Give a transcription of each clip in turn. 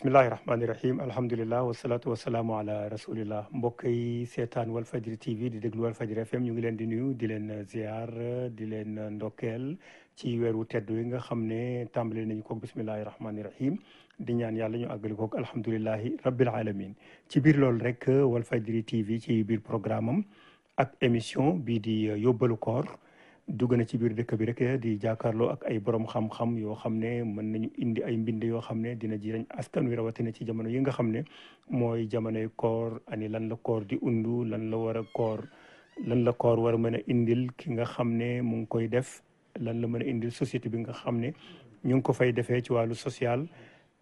bismillahi rahmaani rahim alhamdulilah wasalaatu wasalaamu ala rasulillah mbokk yi seetaan Walfajri TV di déglu Walfajri FM ñu ngi leen di nuyu di leen ziar di leen ndokel ci weeru tedd yi nga xam ne tàmbali nañu koog bismillahi rahmaani rahim di ñaan yàlla ñu àggali koog alhamdulilahi rabbil alamin ci biir loolu rek Walfajri TV ci biir programme ak émission bii di yóbbalu koor dugg na ci biir dëkk bi rek di jàkkaarloo ak ay borom xam-xam yoo xam ne mën nañu indi ay mbind yoo xam ne dina jëriñ askan wi rawatina ci jamono yi nga xam ne mooy jamonoy koor ani lan la koor di undu lan la war a koor lan la koor war a mën a indil ki nga xam ne mu ngi koy def lan la mën a indil société bi nga xam ne ñu ngi ko fay defee ci wàllu social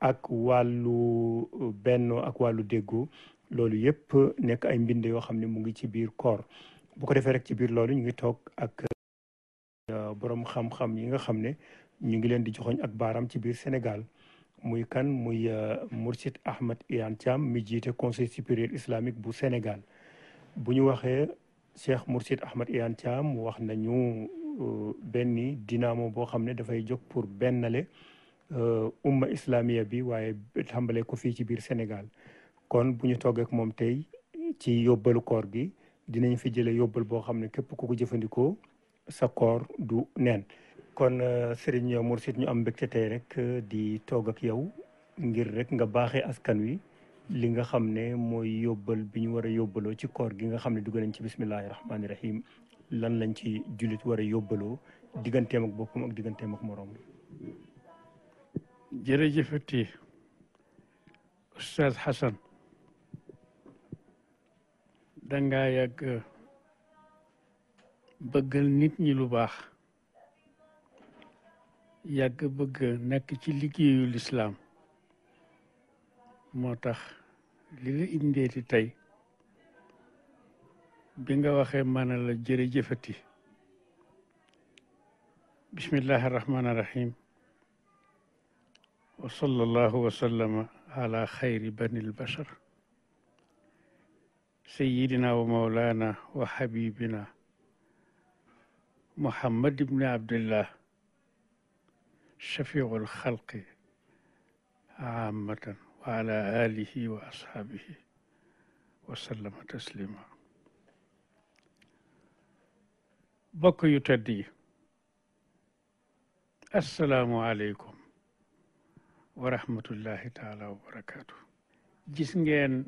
ak wàllu bennoo ak wàllu déggoo loolu yëpp nekk ay mbind yoo xam ne mu ngi ci biir koor bu ko defee rek ci biir loolu ñu ngi toog ak Euh, borom xam-xam yi nga xam ne ñu ngi leen di joxoñ ak baaraam ci biir senegal muy kan muy euh, Mourchid Ahmed Iyane Thiam mi jiite conseil supérieur islamique bu Sénégal bu ñu waxee Cheikh Mourchid Ahmed Iyane Thiam wax nañu euh, benn dynamo boo xam ne dafay jóg pour bennale umma islamiya bi waaye tàmbale ko fii ci biir Sénégal kon bu ñu toogee ak moom tey ci yóbbalu koor gi dinañ fi jëlee yóbbal boo xam ne képp ku ko jëfandikoo sa koor du neen kon euh, Serigne Mourchid ñu am mbégte tey rek euh, di toogak ak yow ngir rek nga baaxee askan wi li nga xam ne mooy yóbbal bi ñu war a yóbbaloo ci koor gi nga xam ne dugg nañ ci bismillahi rahmaani rahim lan lañ ci jullit war a yóbbaloo digganteem ak boppam ak digganteem ak moroom jërëjëfati Hassan dangaa yàgg euh, bëggal nit ñi lu baax yàgg bëgg nekk ci liggéeyu lislaam moo tax li la indeeti tey bi nga waxee mana la jërëjëfati bismillahi irrahmani irrahim wa sallallahu wa sallama ala xayri banil bashar sayidina wa maulana wa habibina محمد بن عبد الله شفيع الخلق عامة وعلى آله وأصحابه وسلم تسليما بك يتدي السلام عليكم ورحمة الله تعالى وبركاته جسنجين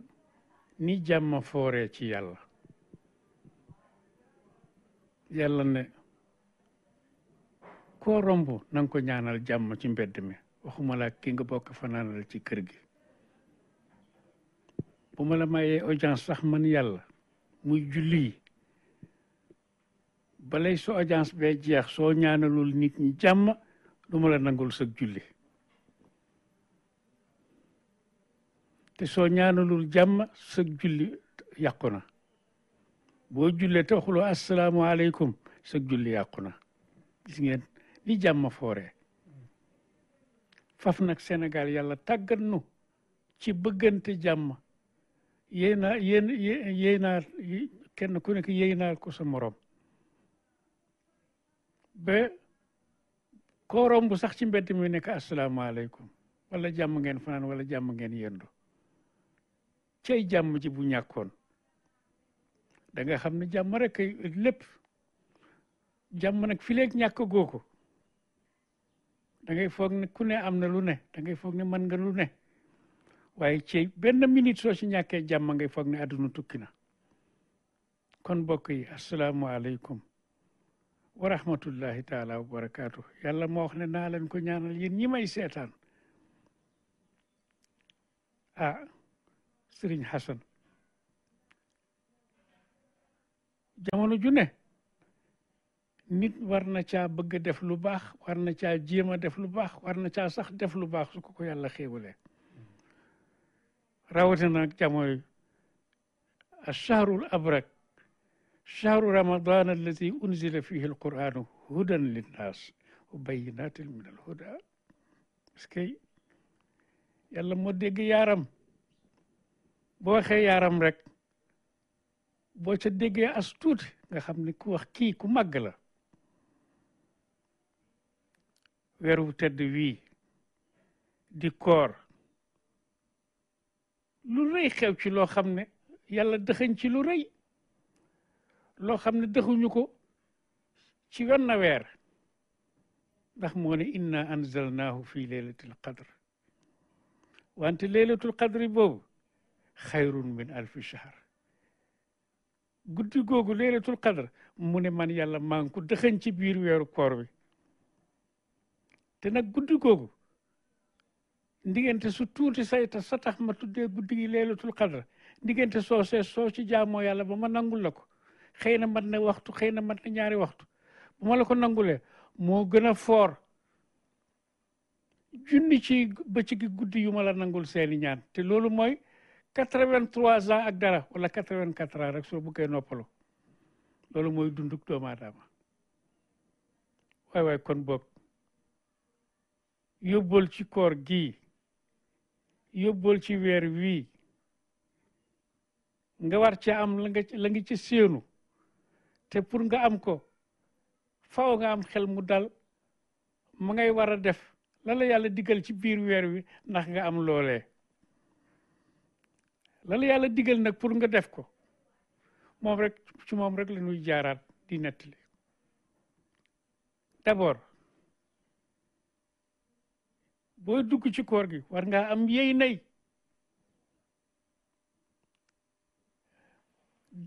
ني جام فوري يالا يالا koo romb na ko ñaanal jàmm ci mbedd mi waxuma la ki nga bokk fanaanal ci kër gi bu ma la mayee audience sax man yàlla muy julli yi balay sa audience bee jeex soo ñaanalul nit ñi jàmm du ma la nangul sa julli te soo ñaanalul jàmm sa julli yàqu na boo jullee te waxuloo asalaamaaleykum sa julli yàqu na gis ngeen li jàmm foore faf nag senegal yàlla tàggat nu ci bëggante jàmm yéy naa yéen yéy kenn ku nekk yéy ko sa moroom ba koo romb sax ci mbedd mi nekk asalaamaaleykum wala jàmm ngeen fanaan wala jàmm ngeen yendu cay jàmm ji bu ñàkkoon danga xam ni jàmm rek lépp jàmm nag fileeg ñàkk goo ko dangay foog ne ku ne am na lu ne da ngay foog ne mën nga lu ne waaye ci benn minute soo ci ñàkkee jàmm ngay foog ne àdduna tukki na kon mbokk yi asalaamaaleykum wa rahmatullahi taala wa barakaatu yàlla moo wax ne naa leen ko ñaanal yéen ñi may seetaan ah Sëriñ Xasan jamono ju ne nit war na caa bëgg def lu baax war na caa jéem a def lu baax war na caa sax def lu baax su ko ko yàlla xéewalee rawatina nag jamono achahrul abrak chahru ramadan alladi unzila fihi alquranu hudan linnaas wa bayinatin min alhuda parce que yàlla moo dégg yaram boo waxee yaram rek boo ca déggee as tuuti nga xam ne ku wax kii ku màgg la weeru tedd wii di koor lu rëy xew ci loo xam ne yàlla dëxañ ci lu rëy loo xam ne dëxuñu ko ci na weer ndax moo ne inna anzalnaahu fi leylatil qadr wante leylatul qadri boobu xayrun min alfi shahr guddi googu leylatul qadr mu ne man yàlla maa ngi ko dëxañ ci biir weeru koor wi te nag guddi googu ndiggante su tuuti sayta sa tax ma tuddee guddi gi leelatul xadra ndiggante soo see soo ci jaamoo yàlla ba ma nangul la ko xëy na mat na waxtu xëy na mat na ñaari waxtu bu ma la ko nangulee moo gën a foor junni ci bëccëg guddi yu ma la nangul seeni ñaan te loolu mooy quatre-vingt-trois ans ak dara wala quatre-vingt-quatre ans rek soo bëggee noppalu loolu mooy dunduk doomu aadama waay waay kon boog yóbbal ci koor gii yóbbal ci weer wii nga war ca am la nga la nga ci séenu te pour nga am ko faw nga am xel mu dal ma ngay war a def la la yàlla digal ci biir weer wi ndax nga am loolee la la yàlla digal nag pour nga def ko moom rek ci moom rek la ñuy jaaraat di nettali d'abord booy dugg ci koor gi war ngaa am yey nay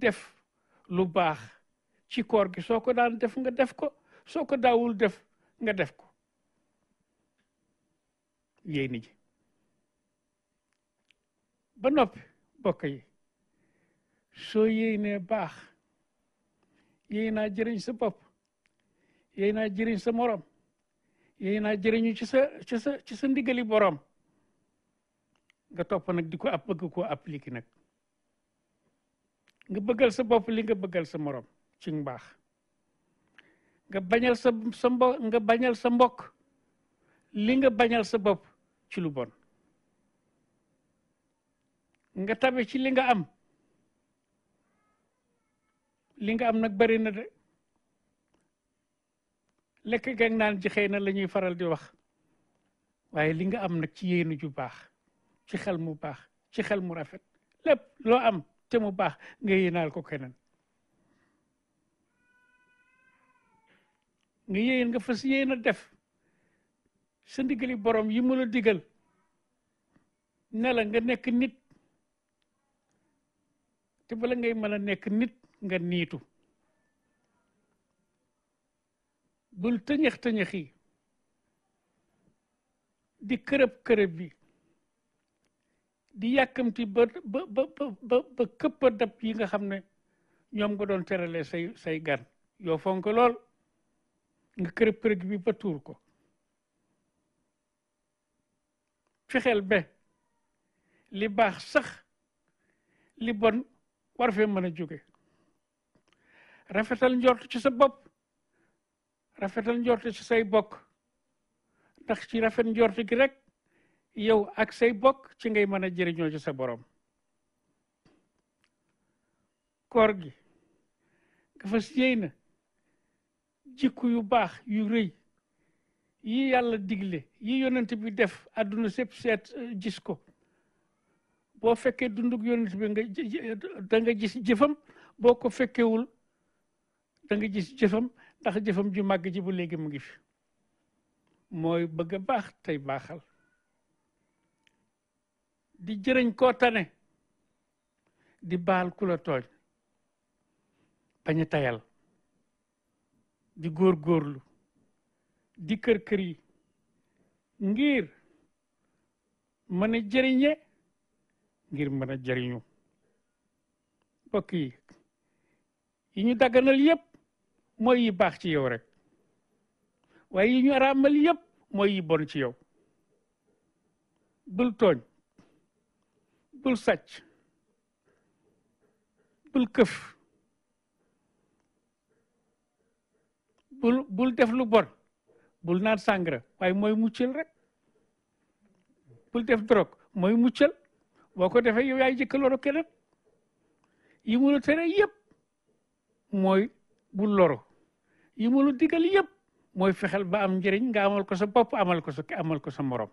def lu baax ci koor gi soo ko daan def nga def ko soo ko daawul def nga def ko yéy ni ji ba nopp bokk yi soo yéy nee baax yéy naa jëriñ sa bopp yéy naa jëriñ sa morom yooyu naa jëriñu ci sa ci sa ci boroom nga topp nag di ko ab bëgg koo appliqué nag nga bëggal sa bopp li nga bëggal sa moroom ci mbaax nga bañal sa sa nga bañal sa mbokk li nga bañal sa bopp ci lu bon nga tabe ci li nga am li nga am nag bari na de lekk gak naan ji xëy na lañuy faral di wax waaye li nga am nag ci yéenu ju baax ci xel mu baax ci xel mu rafet lépp loo am te mu baax nga yéenaal ko keneen nga yéen nga fas yéen a def sa ndigali borom yi mu la digal ne nga nekk nit te bala ngay mën a nekk nit nga niitu bul tëñëx tëñëxi di kërëb kërëb bi di yàkkamti ba ba ba ba këpp dab yi nga xam ne ñoom nga doon terale say say gan yoo fonk lool nga kërëb kërëb bi ba tuur ko fexeel ba li baax sax li bon war fee mën a jóge rafetal njort ci sa bopp rafetal njorte say bokk ndax ci rafet njorte gi rek yow ak say bokk ci ngay mën a jëriñoo sa borom koor gi nga fas na jikku yu baax yu rëy yi yàlla digle yi yonent bi def àdduna sépp seet gis ko boo fekkee dunduk yonent bi danga da gis jëfam boo ko fekkewul danga nga gis jëfam ndax jëfam ju màgg ji bu léegi mu ngi fi mooy bëgg a baax tey baaxal di jëriñ koo tane di baal ku la tooñ bañ a tayal di góor-góorlu di kër-kër yi ngir mën a jëriñe ngir mën a jëriñu mbokk yi yi ñu dagganal yépp mooy yi baax ci yow rek waaye yi ñu araamal yëpp mooy yi bon ci yow bul tooñ bul sàcc bul këf bul bul def lu bon bul naan sàngara waaye mooy muccal rek bul def drogue mooy muccal boo ko defee yow yaay jëkkaloo keneen yi mu la tere yëpp mooy bu loro yi mu digal yëpp mooy fexeel ba am njëriñ nga amal ko sa bopp amal ko sa amal ko sa morom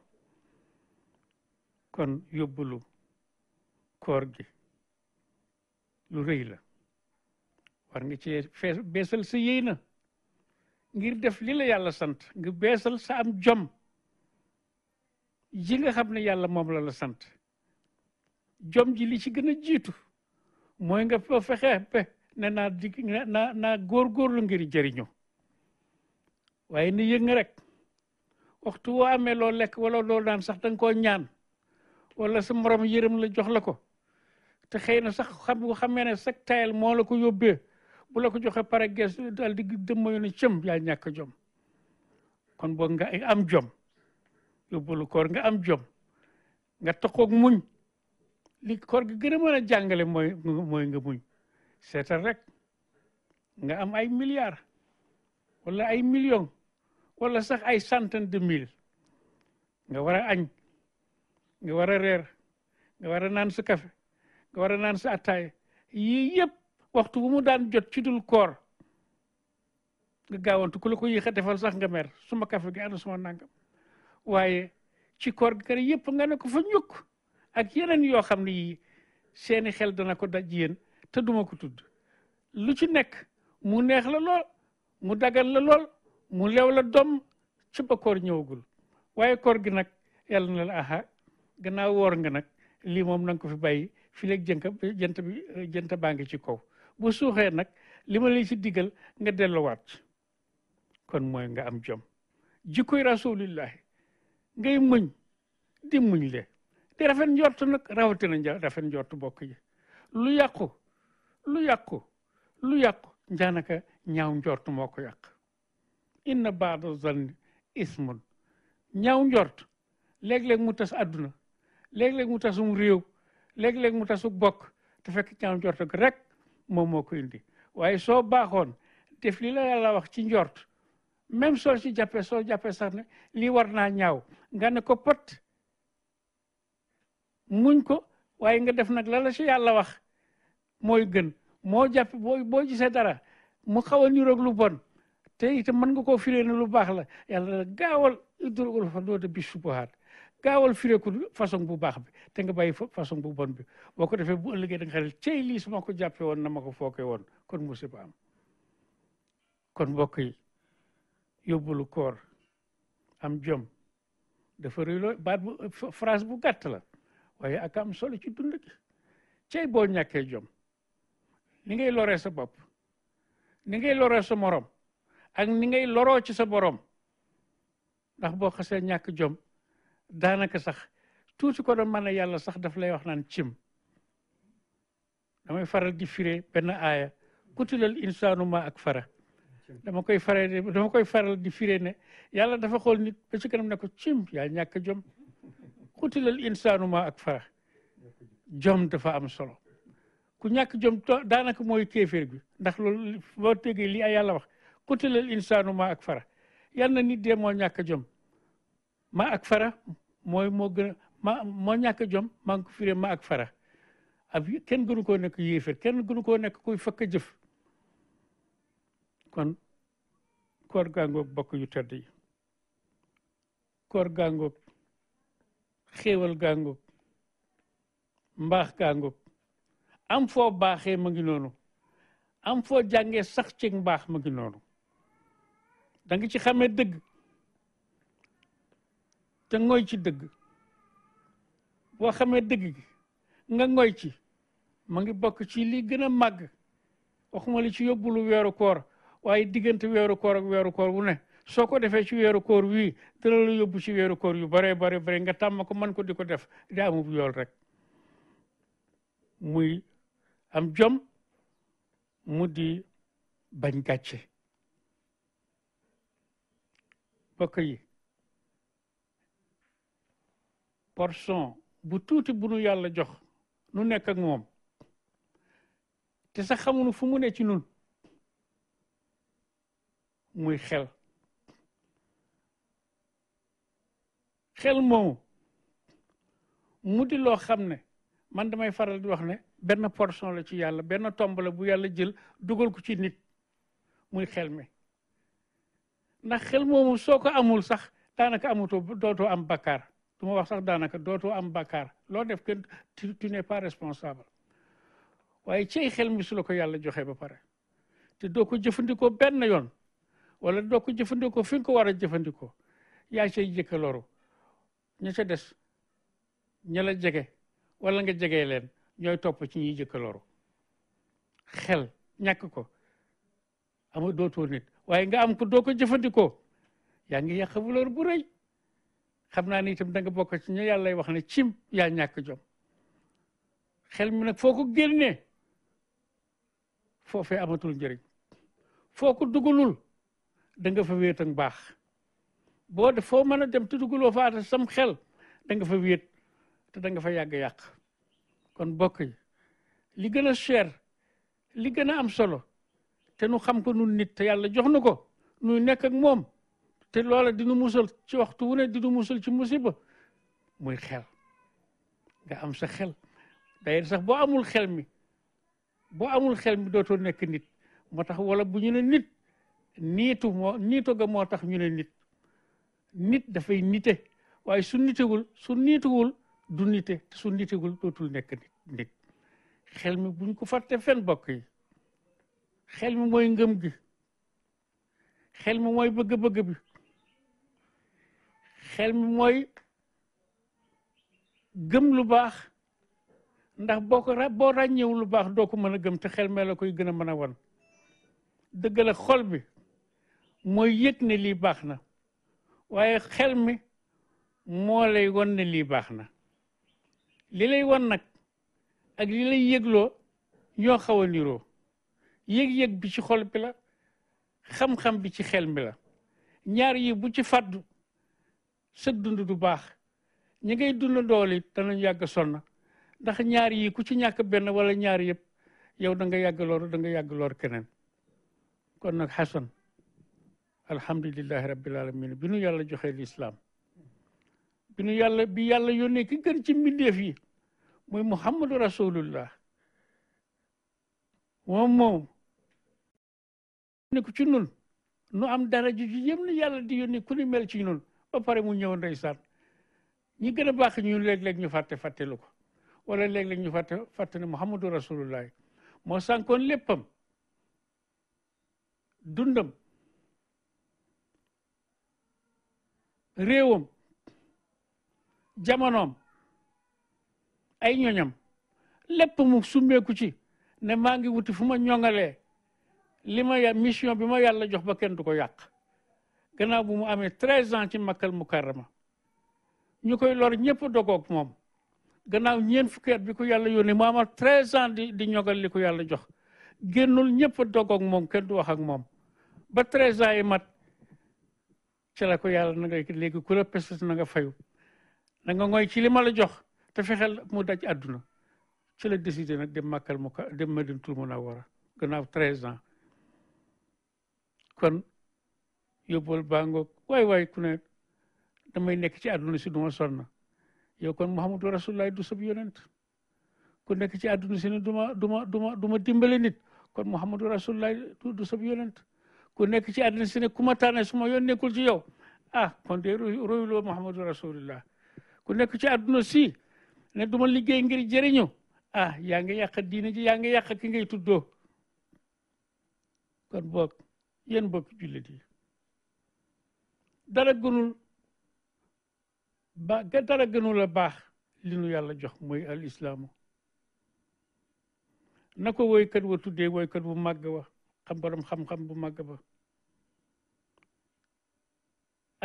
kon yóbbulu koor gi lu rëy la war nga cee fees beesal sa yéy na ngir def li la yàlla sant nga beesal sa am jom ji nga xam ne yàlla moom la la sant jom ji li ci gën a jiitu mooy nga fa fexe ne naa di naa naa góorgóorlu ngir jariño waaye ni yëng rek waxtu woo amee loo lekk wala loo naan sax danga koo ñaan wala sa morom yërëm la jox la ko te xëy na sax xam nga xamee ne sax tayal la ko yóbbee bu la ko joxe pare gees daal di dëmmayu ne cëm yaa ñàkk jom kon boog nga am jom yóbbalu koor nga am jom nga toqoog muñ li koor gi gën a mën a jàngale mooy mooy nga muñ seeta rek nga am ay milliards wala ay millions wala sax ay centaine de mille nga war a añ nga war a reer nga war a naan sa kafe nga war a naan sa attaay yii yëpp waxtu bu mu daan jot ci dul koor nga gaawantu ku la ko yéex a defal sax nga mer suma kafe gi ana suma nangam waaye ci koor gi kër yépp nga ne ko fa ñukk ak yeneen yoo xam ne yii seeni xel dana ko daj yéen te duma ko tudd lu ci nekk mu neex la lool mu dagal la lool mu lew la doom ci ba koor ñëwagul waaye koor gi nag yàlla na la gannaaw woor nga nag lii moom na ko fi bàyyi fi leeg jënka jënt bi jënt baa ngi ci kaw bu suuxee nag li ma lay si digal nga delluwaat kon mooy nga am jom jikkoy rasulillahi ngay muñ di muñ le di rafet njort nag rawatina rafet njort bokk yi lu yàqu lu yàqu lu yàqu njaanaka ñaaw njort moo ko yàq inna baada zanni ismun ñaaw njort léeg-léeg mu tas àdduna léeg-léeg mu tasum réew léeg-léeg mu tasuk bokk te fekk ñaaw njort rekk moom moo ko indi waaye soo baaxoon def li la yàlla wax ci njort même soo ci jàppee soo jàppee sax ne lii war naa ñaaw nga ne ko pot muñ ko waaye nga def nag la la ci yàlla wax mooy gën moo jàpp boo boo gisee dara mu xaw a niroog lu bon te itam mën nga koo firee ne lu baax la yàlla gaawal udrul huduud bi shubuhaat gaawal fireeku façon bu baax bi te nga bàyyi façon bu bon bi boo ko defee bu ëllëgee da nga xel cey lii su ko jàppee woon na ma ko fookee woon kon musiba am kon mbokk yi yóbbulu koor am jom dafa rëy baat bu phrase bu gàtt la waaye ak am solo ci dund gi cey boo ñàkkee jom ni ngay loree sa bopp ni ngay loree sa morom ak ni ngay loroo ci sa borom ndax boo xasee ñàkk jom daanaka sax tuuti ko doon mën a yàlla sax daf lay wax naan cim damay faral di firé benn aaya kutilal insaanu ma ak fara dama koy faral dama koy faral di firé ne yàlla dafa xool nit ba ci kanam ne ko cim yaa ñàkk jom kutilal insaanu ma ak fara jom dafa am solo ku ñàkk jom daanaka mooy kéeféer bi ndax lool boo tegee lii ay yàlla wax kutilal insaanu maa ak fara yal na nit dee moo ñàkk jom maa ak fara mooy moo gën ma moo ñàkk jom maa ngi ko firee maa ak fara ab kenn gënu koo nekk yéeféer kenn gënu koo nekk koy fakk jëf kon koor gaangoog bokk yu tedd yi koor gaangoog xéewal gaangoog mbaax gaangoog am foo baaxee ma ngi noonu am foo jàngee sax ci baax ma ngi noonu danga ci xamee dëgg te ngoy ci dëgg boo xamee dëgg gi nga ngoy ci ma ngi bokk ci li gën a màgg waxuma li ci yóbbulu weeru koor waaye diggante weeru koor ak weeru koor wu ne soo ko defee ci weeru koor wi dina la yóbbu ci weeru koor yu bare bare bare nga tàmm ko mën ko di ko def daa amub yool rek muy am jom mu di bañ gàcce mbokk yi portion bu tuuti bu nu yàlla jox nu nekk ak moom te sax xamunu fu mu ne ci nun muy xel xel moomu mu di loo xam ne man damay faral di wax ne benn portion la ci yàlla benn tomb la bu yàlla jël dugal ko ci nit muy xel mi ndax xel moomu soo ko amul sax daanaka amatoo dootoo am bakkaar du ma wax sax daanaka dootoo am bakkaar loo def que tu n'es pas responsable waaye ci xel mi su la ko yàlla joxe ba pare te doo ko jëfandikoo benn yoon wala doo ko jëfandikoo fi nga ko war a jëfandikoo yaa cay jëkka loru ña ca des ña jege wala nga jegee leen ñooy topp ci ñiy jëkk loru xel ñàkk ko ama dootoo nit waaye nga am ko doo ko jëfandikoo yaa ngi yàq valeur bu rey xam naa ni itam da nga ci ñu yàlla wax ne cim yaa ñàkk jom xel mi nag foo ko génnee foofee amatul njëriñ foo ko dugalul da nga fa wéet ak baax boo de foo mën a dem te dugaloo faata sam xel da nga fa wéet te danga fa yàgg yàq kon bokk yi li gën a cher li gën a am solo te nu xam ko nu nit te yàlla jox nu ko nuy nekk ak moom te loola dinu musal ci waxtu wu ne dinu musal ci musiba muy xel nga am sa xel d'ailleurs sax boo amul xel mi boo amul xel mi dootoo nekk nit moo tax wala bu ñu ne nit niitu moo niito ga moo tax ñu ne nit nit dafay nite waaye su nitewul su niituwul du nite su su nitewul dootul nekk nit nit xel mi buñ ko fatte fen bokk yi xel mi mooy ngëm gi xel mi mooy bëgg-bëgg bi xel mi mooy gëm lu baax ndax boo ko boo ràññeewu lu baax doo ko mën a gëm te xel mee la koy gën a mën a won dëgg xol bi mooy yëg ni lii baax na waaye xel mi moo lay won ne lii baax na li lay won nag ak li lay yëgloo ñoo xaw a niroo yëg-yëg bi ci xol bi la xam-xam bi ci xel mi la ñaar yi bu ci fàddu sa dund du baax ñi ngay dund dool it danañ yàgg na ndax ñaar yi ku ci ñàkk benn wala ñaar yëpp yow da nga yàgg loor da keneen kon nag xasan alhamdulilahi rabbil alamin bi nu yàlla joxee lislaam bi nu yàlla bi yàlla yónnee ki gën ci mbindeef yi muy muhammadu rasulullah moom moom ne ku ci nun nu am dara ju yëm ni yàlla di yónni ku ni mel ci nun ba pare mu ñëw ndeysaan ñi gën a baax ñu léeg-léeg ñu fàtte fàttelu ko wala léeg-léeg ñu fàtte fàtte ne muhammadu rasulullah moo sànkoon léppam dundam réewam jamonoom ay ñoñam lépp mu summeeku ci ne maa ngi wuti fu ma ñoŋalee li ma ya mission bi ma yàlla jox ba kenn du ko yàq gannaaw bu mu amee treize ans ci makkal mukarrama ñu koy lor ñëpp dogoog moom gannaaw ñeen fukki at bi ko yàlla yónnee mu amal treize ans di di ñogal li ko yàlla jox génnul ñëpp dogook moom kenn du wax ak moom ba treize ans yi mat ci la ko yàlla na nga léegi ku la na nga fayu na nga ngoy ci li la jox te fexeel mu daj àdduna ci la décidé nag dem màkkal mu ka dem Madinatul Munawwara gannaaw treize ans kon yóbbal baa ngoog waay waay ku ne damay nekk ci àdduna si duma sonna yow kon Muhammadu Rasulullahi du sab yonent ku nekk ci àdduna si ne duma duma duma duma dimbale nit kon Muhammadu Rasulullahi du du sab yonent ku nekk ci àdduna si ne ku ma tànne suma yoon nekkul ci yow ah kon de royuloo Muhammadu Rasulullah ku nekk ci si ne du ma liggéey ngir jëriñu ah yaa ngi yàq diine ji yaa ngi yàq ki ngay tuddoo kon boog yéen bokk jullit yi dara gënul ba dara gënul a baax li nu yàlla jox mooy al na ko woykat wa tuddee woykat bu màgg wa xam borom xam-xam bu màgg ba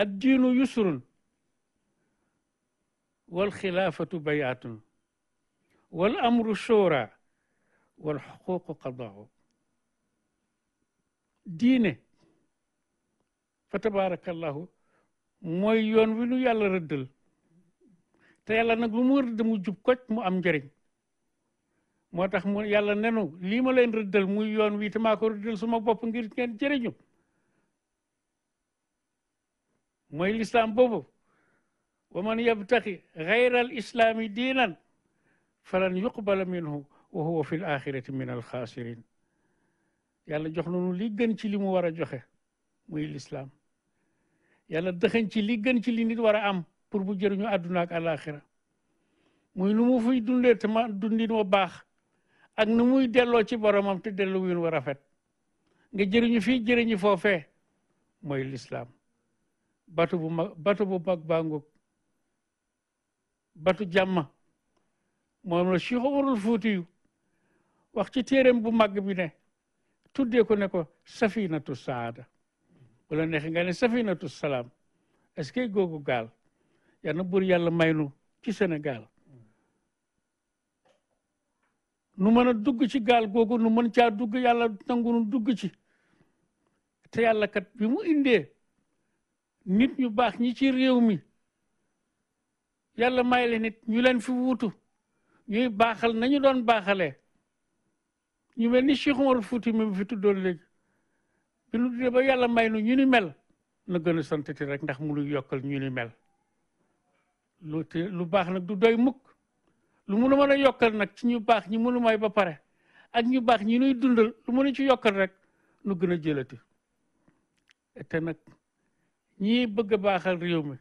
ad diinu wal xilaafatu bayaatun wal amru shura wal xuququ qadaaw diine fa tabaarakallahu mooy yoon wi nu yàlla rëddal te yàlla nag lu mu jub koj mu am njëriñ moo tax mu yàlla nenu lii ma leen rëddal mu yoon wi te maa ko rëddal suma bopp ngir ngeen jëriñu mooy lislaam boobu wa man yabtaqi gayra al islaami diinan falan yuqbala minhu wa huwa fi l min al xaasirin yàlla jox nanu li gën ci li mu war a joxe muy lislam yàlla dëxañ ci li gën ci li nit war a am pour bu jëriñu àdduna ak àlaxira muy nu mu fiy dundee te ma dundin wa baax ak nu muy delloo ci boromam te dellu win wa rafet nga jëriñu fii jëriñu foofee mooy lislaam batu bu mag batu bu mag baa batu jàmm moom la Cheikh Omarul Fuutiyu wax ci téereem bu màgg bi ne tuddee ko ne ko safinatu saada wala neex nga ne safinatu salaam est-ce que googu gaal yal na buur yàlla may nu ci Sénégal nu mën a dugg ci gaal googu nu mën caa dugg yàlla nangu nu dugg ci te yàlla kat bi mu indee nit ñu baax ñi ci réew mi yàlla may leen nit ñu leen fi wuutu ñuy baaxal nañu doon baaxalee ñu mel ni Cheikh Umar Fuuti mi fi tuddoon léegi bi nu dee ba yàlla may nu ñu ni mel na gën a santati rek ndax mu nu yokkal ñu ni mel lu te lu baax nag du doy mukk lu munu mën a yokkal nag ci ñu baax ñi mënu may ba pare ak ñu baax ñi nuy dundal lu mënu ci yokkal rek nu gën a jëlati te nag ñii bëgg a baaxal réew mi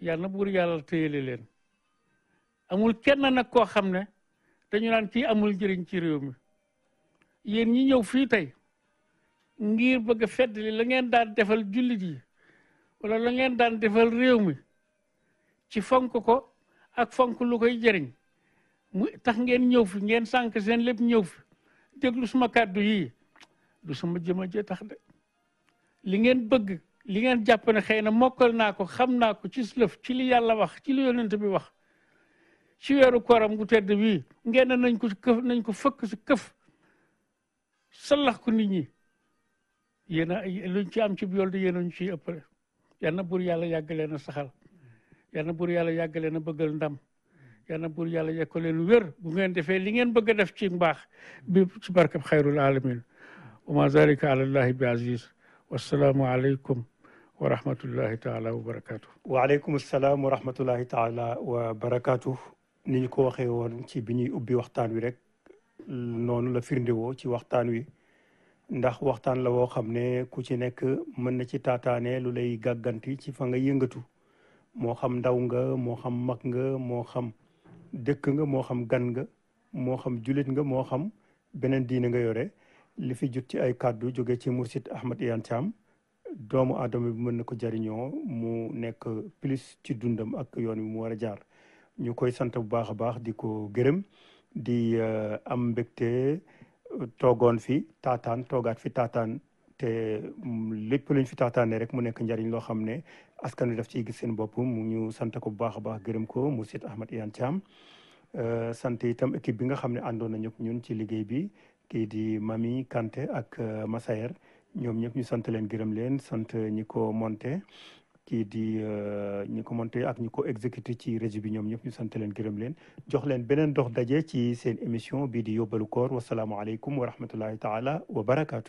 yàlla na buur yàlla téyele leen amul kenn nag koo xam ne dañu naan kii amul njëriñ ci réew mi yéen ñi ñëw fii tey ngir bëgg a feddali la ngeen daan defal jullit yi wala la ngeen daan defal réew mi ci fonk ko ak fonk lu koy jëriñ mu tax ngeen ñëw fi ngeen sànq seen lépp ñëw fi déglu suma kàddu yii du suma jëma jee tax de li ngeen bëgg li ngeen jàpp ne xëy na mokkal naa ko xam naa ko ci lëf ci li yàlla wax ci li yonent bi wax ci weeru kooram gu tedd bii ngeen nañ ko këf nañ ko fëkk si këf sallax ko nit ñi yéen a luñ ci am ci yool di yéen ñu ci ëppale yal na buur yàlla leen na saxal yal na buur yàlla leen na bëggal ndam yal na buur yàlla yekko leen wér bu ngeen defee li ngeen bëgg a def ci mbaax bi ci barkab xayrul alamin wa ma zalika ala bi aziz wassalaamu aleykum wa rahmatullahi taala wa barakaatu. waaleykum salaam wa rahmatullahi taala wa barakaatu. ni ñu ko waxee woon ci bi ñuy ubbi waxtaan wi rek noonu la firndewoo ci waxtaan wi ndax waxtaan la woo xam ne ku ci nekk mën na ci taataane lu lay gàgganti ci fa nga yëngatu moo xam ndaw nga moo xam mag nga moo xam dëkk nga moo xam gan nga moo xam julit nga moo xam beneen diine nga yore li fi jot ci ay kàddu jóge ci Mursid Ahmad Iyane Thiam doomu aadama bi mën na ko jariñoo mu nekk plus ci dundam ak yoon wi mu war a jaar ñu koy sant bu baax a baax di ko gërëm di euh, am mbégte euh, toogoon fi taataan toogaat fi taataan te mm, lépp luñ fi taataanee rek mu nekk njariñ loo xam ne askan wi daf ciy gis seen bopp mu ñu sant ko bu baax a baax gërëm ko mu sit Ahmed Iyane Thiam euh, sant itam équipe bi nga xam ne àndoon nañu ñun ci liggéey bi kii di Mami Kanté ak Massayer ñoom ñëpp ñu sant leen gërëm leen sant ñi ko monté kii di euh, ñi ko monté ak ñi ko exécuté ci régie bi ñoom ñëpp ñu sant leen gërëm leen jox leen beneen dox daje ci seen émission bii di yóbbalu koor wasalaamualeykum wa rahmatullahi taala wa barakaatu.